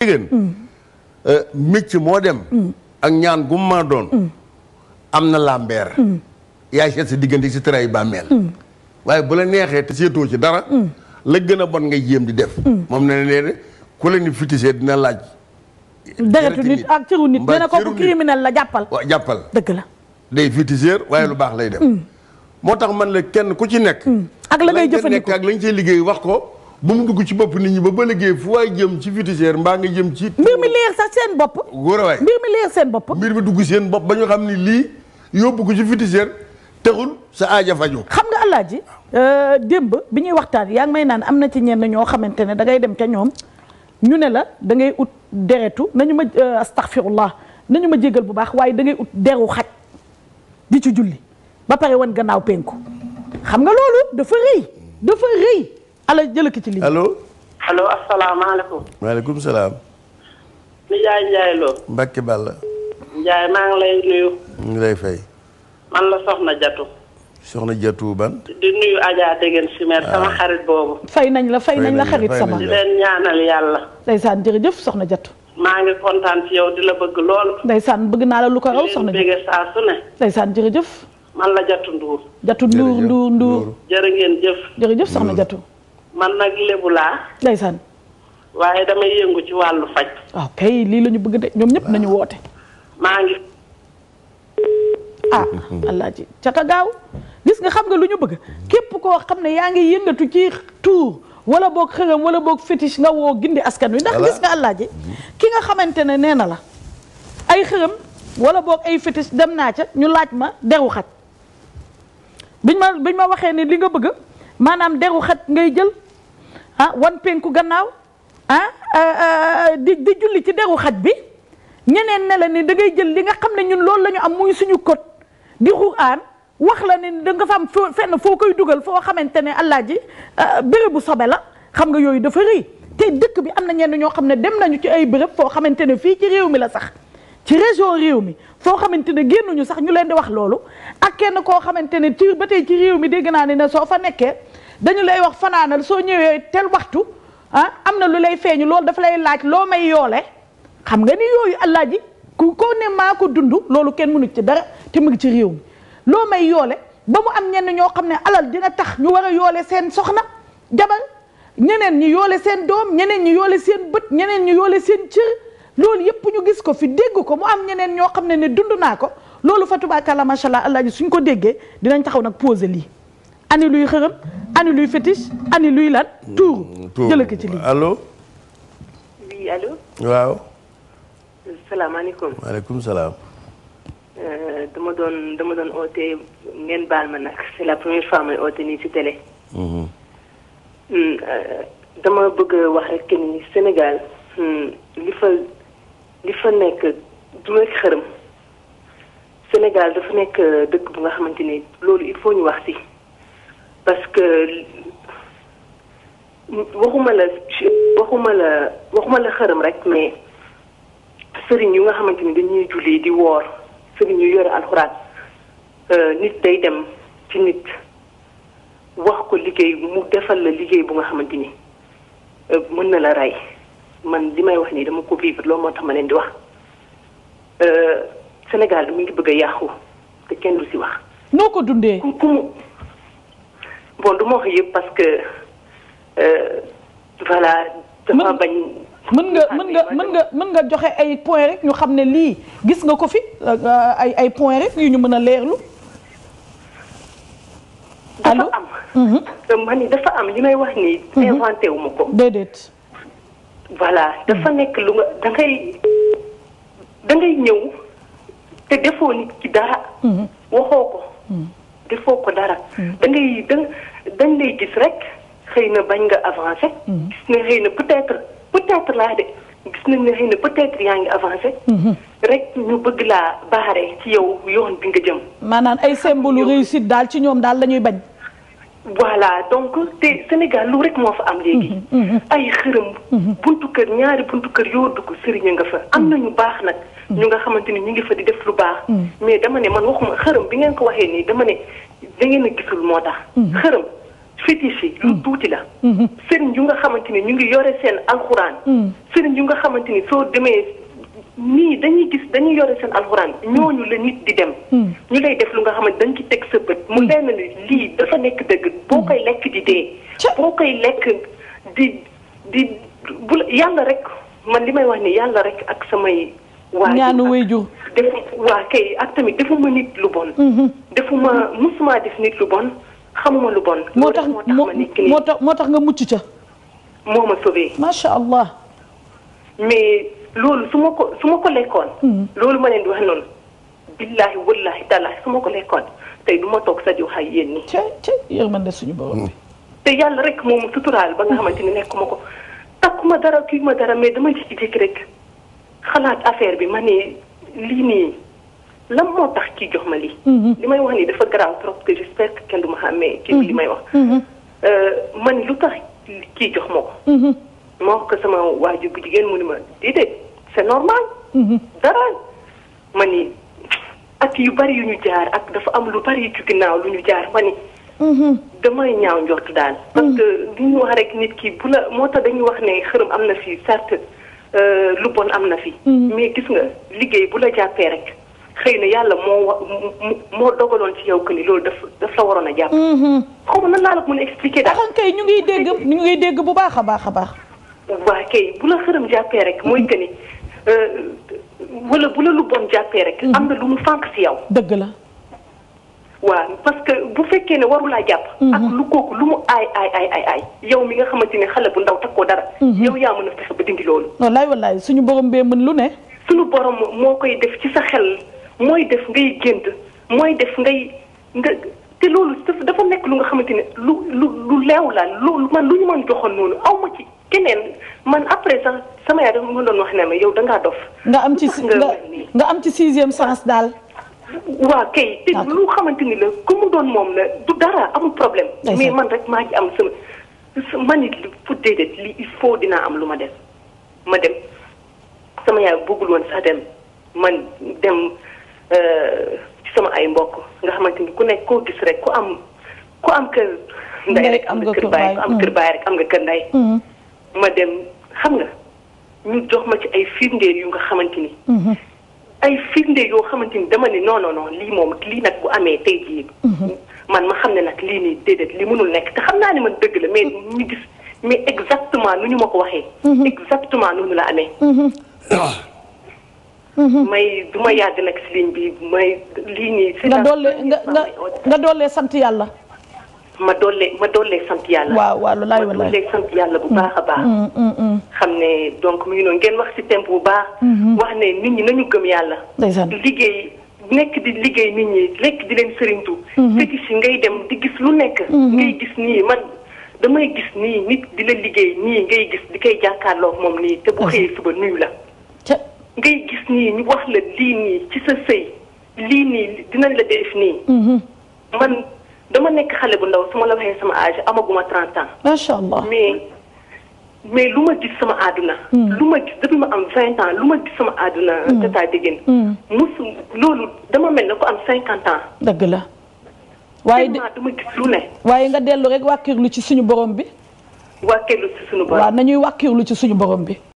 jigéen mm. euh, mécc moo dem mm. ak ñaan gu doon mm. am na làmbeer yaay seet sa diggante si tray bàmmeel waaye bu la neexee te seetoo ci dara la gën a bon nga jéem di def moom ne leen ku leen di dina laaj dëgatu nit ak cëru nit nee na kooku criminel la jàppal waaw jàppal dëgg la day féticheur waaye lu baax lay dem moo tax man la kenn ku ci nekk ak la ngay jëfandikoo ak lañ ñu liggéey wax ko bu mu dugg ci bopp nit ñi ba ba liggéey fu waay jëm ci vétérinaire mbaa nga jëm ci. mbir mi leer sax seen bopp. góor a waay mbir mi leer seen bopp. mbir mi dugg seen bopp ba ñu xam ni lii yóbbu ko ci vétérinaire taxul sa aaja fajoo. xam nga alaaji euh, démb bi ñuy waxtaan yaa ngi may naan am na ci ñenn ñoo xamante ne dangay dem ca ñoom ñu ne la dangay ut deretu nañu ma euh, astaghfirullah nañu ma jégal bu baax waaye dangay ut deru xaj di ci julli ba pare wan gannaaw penku xam nga loolu dafa rëy dafa ala jël ci ligne allo. allo asalaamaaleykum. maaleykum salaam. Lo. Mbacke Balla. Ndiaye maa ngi lay fay. man la Soxna Jatu. Jatu ban. di nuyu Adja Degen Simer sama ah. xarit boobu. nañ la fay nañ la xarit sama. di leen ñaanal yàlla. ndeysaan jërëjëf maa ngi kontaan ci yow di la bëgg lool. ndeysaan bëgg naa lu ko raw soxna. di leen saa su ne. man la Jatu Ndour. Jatu Ndour Ndour Ndour. ngeen jëf. jërëjëf soxna Jatu. man nag lébu laa. ndeysaan. waaye damay yëngu ci wàllu faj. waaw ah, kay lii lañu bëgg de ñoom ñëpp nañu woote. maa ngi. ah alaaji cata gaaw gis nga xam nga lu ñu bëgg képp koo xam ne yaa ngi yëngatu ci tuur wala boog xërëm wala boog fétiche nga woo gindi askan wi ndax gis nga alaaji ki nga xamante ne nee na la ay xërëm wala boog ay fétiche dem naa ca ñu laaj ma deru xat biñ ma biñ ma waxee ni li nga bëgg. maanaam deru xaj ngay jël ah wan penku gannaaw ah, ah, ah di di julli ci deru xaj bi ñeneen ne la ni da jël li nga xam ne ñun loolu la ñu am muy suñu code di Qur'an wax la ne da nga fa am foo fenn foo koy dugal foo xamante ne allah ji ah, béréb bu sobe la xam nga yooyu dafa rëy te dëkk bi am na ñenn ñoo xam ne dem nañu ci ay bërëb foo xamante ne fii ci réew mi la sax ci région réew mi foo xamante ne génnuñu sax ñu leen di wax loolu ak kenn koo xamante ne ci ba tey ci réew mi dégg naa ne soo fa nekkee. dañu lay wax fanaanal soo ñëwee tel waxtu ah am na lu lay feeñu loolu dafa lay laaj loo may yoole xam nga ni yooyu alaaji ku ko ne maa ko dund loolu kenn mënu ci dara te mu ngi ci réew mi loo may yoole ba mu am ñenn ñoo xam ne alal dina tax ñu war a yoole seen soxna jabar ñeneen ñi yoole seen doom ñeneen ñi yoole seen bët ñeneen ñi yoole seen cër loolu yëpp ñu gis ko fi dégg ko mu am ñeneen ñoo xam ne ne dund naa ko loolu fa tubaakala macha allah alaaji suñ ko déggee dinañ taxaw nag posé lii. ani luy xërëm ani luy fétiche ani luy lan tuur mm, jëlee ko ci lii allo. oui allo. waaw. salaamaaleykum. salaam. Euh, dama doon dama doon oote ngeen baal ma nag c'est la première fois may oote nii ci télé. Mm-hmm. Mm, euh, dama bëgg wax rek ni Sénégal mm, li fa li fa nekk du rek xërëm Sénégal dafa nekk euh, dëkk bu nga xamante ni loolu il faut ñu wax ci. parce que waxuma la waxuma la waxuma la xërëm rek mais sëriñ yu nga xamante ni dañuy julli di woor sëriñ yu yore alxuraan euh, nit day dem ci nit wax ko liggéey mu defal la liggéey bu nga xamante ni euh, mën na la rey man li may wax nii dama ko vivre loo moo tax ma leen di wax euh, Sénégal mi ngi bëgg a yàqu te kenn du si wax. noo ko dundee bon du ma wax yëpp parce que euh, voilà. dafa bañ. mën nga mën nga mën nga mën nga joxe ay point rek ñu xam ne lii gis nga ko fi euh, ay ay point rek yu ñu mën a leerlu. allo dafa am. Mhm. Euh, man dafa am li may wax nii. Mhm. inventé ko. déedéet. voilà dafa mhm. nekk lu nga da ngay da ñëw te defoo nit ki dara. waxoo ko. defoo ko dara. Mm. da ngay da dañ lay gis rek xëy na bañ nga avancé. Mm. gis na xëy na peut-être peut-être laa de gis nañ ne xëy na peut-être yaa ngi avancé. Mm-hmm. rek ñu bëgg laa baaree ci yow yoon bi nga jëm. maanaam ay symbole réussite daal ci ñoom daal la bañ. voilà donc te Sénégal lu rek moo fa am léegi. Mm-hmm. Mm-hmm. ay xërëm. buntu kër ñaari buntu kër yoo dugg sëriñ nga fa am na ñu baax nag. ñu nga xamante ni ñu ngi fa di def lu baax. Mm. mais dama ne man waxuma xërëm bi ngeen ko waxee nii dama ne da ngeen a gisul moo tax. Mm. xërëm fétiche yi lu mm. tuuti la. Mm-hmm. sëriñ yu nga xamante ni ñu ngi yore seen alxuraan. sëriñ yu nga xamante ni soo demee. nii dañuy gis dañuy yore seen alxuraan ñooñu la nit di dem. ñu lay def lu nga xamante dañ ci teg sa bët. mu leen ne lii dafa nekk dëgg boo koy lekk di dee. boo koy lekk di di bu yàlla rek man li may wax ni yàlla rek ak samay. ñaanu waajur defu waa kay ak tamit defuma nit lu bon. Mhm. defuma musuma def nit lu bon xamuma lu bon. moo tax moo tax moo tax nga mucc ca. moo ma sauvé. macha allah. mais loolu su ma ko su ma ko lekkoon. Mhm. loolu ma leen di wax noonu. billahi wallahi taalahi su ma ko lekkoon tey du ma toog sa di wax ak yéen ñi. ca ca yërmande suñu borom mm. te yàlla rek moom suturaal ba nga mm. xamante ni nekkuma ko takkuma dara kii ma dara mais dama jékki rek. xalaat affaire bi ma ne lii nii lan moo tax kii jox ma lii. Mhm. li may wax nii dafa garaaw trop te kenn du ma xàmmee. ci mhm. li may wax. Mhm. Euh, man lu tax kii jox ma ko. ma wax ko sama waajur bu jigéen mu ni ma déedéet c'est normal. dara ma ni at yu bari yu ñu jaar ak dafa am lu bari ci ginnaaw lu ñu jaar ma ni. damay ñaaw njort daal. parce que li ñu wax rek nit ki bu la moo tax dañu wax ne xërëm am na fii certes. Euh, lu bon am na fi. Mm. mais gis nga liggéey bu la jàppee rek xëy na yàlla moo moo dogaloon ci yow que ni loolu daf daf la waroon a jàpp. Mm-hmm. xaw na nan laa la ko mën a expliquer daal. waxoon kay ñu ngi dégg ñu ngi dégg bu baax a baax a baax. waa kay bu la xërëm jàppee rek mooy que ni euh, bu la lu bon jàppee rek. Mm-hmm. am na lu mu fànq ci yow. dëgg la. waaw parce que bu fekkee ne warulaa jàpp. Mhm. ak lu kooku lu mu ay aay ay aay aay yow mi nga xamante ne xale bu ndaw takkoo dara. Mhm. yow yaa mën a fexe ba dindi loolu. wallaay wallaay suñu borom bee mën lu ne. suñu borom moo koy def ci sa xel mooy def ngay gént mooy def ngay nga te loolu dafa nekk lu nga xamante ne lu lu lu leew la lu man lu ñu mën doxoon noonu aw ci keneen man après sax sama yaay dafa ma doon wax ne ma yow da ngaa dof. nga am ci nga am ci sixième sens daal. waa kay te lu xamante ni la ku mu doon moom la du dara amul problème. mais man rek maa ngi am sama man it fu déedéet li dinaa am lu ma def ma dem sama yaay bëggul woon sax dem man dem euh, ci sama ay mbokk nga xamante ni ku nekk koo gis rek ku am ku am kër ndey rek am nga kër baay am nga kër mm-hmm. ma dem xam nga ñu jox ma ci ay firndeel yu nga xamante ay firnde yoo xamante ni dama ne non non non lii moom lii nag bu amee te jii. Mhm. man ma xam ne nag lii nii lii li mënul nekk te xam naa ne man dëgg la mais mhm. ñu gis mais exactement nu ñu ma ko waxee. Mhm. exactement noonu la amee. Ah. may du ma yàgg nag si ligne bi may lii nii. nga doole nga nga doole sant yàlla. ma dollee ma dollee sant yàlla. waaw waaw loolaay walaay ma dollee sant yàlla bu baax a baax. Mm, mm, mm. xam ne donc mu ngi noonu ngeen wax ci temp bu baax. Mm-hmm. wax ne nit ñi nañu gëm yàlla. ndeysaan liggéey nekk di liggéey nit ñi nekk di leen sëriñtu. te gis yi ngay dem di gis lu nekk. Mm-hmm. ngay gis nii man damay gis nii nit di la liggéey nii ngay gis di koy jàkkaarloog moom nii te bu xëyee suba nuyu la. ngay gis nii ñu wax la lii nii ci sa sëy lii nii dinañ la def nii. Mm-hmm. man. dama nekk xale bu ndaw su la waxee sama âge amaguma 30 ans. macha allah mais mais lu ma gis sama àdduna. Hmm. lu ma gis depuis ma am 20 ans lu ma gis sama àdduna. tata hmm. Degene. Hmm. musu loolu dama mel ne ku am cinquante ans. dëgg la. waaye dama gis lu ne. waaye nga dellu rek wàkkirlu ci suñu borom bi. wàkkirlu ci suñu borom waaw nañuy wàkkirlu ci suñu borom bi.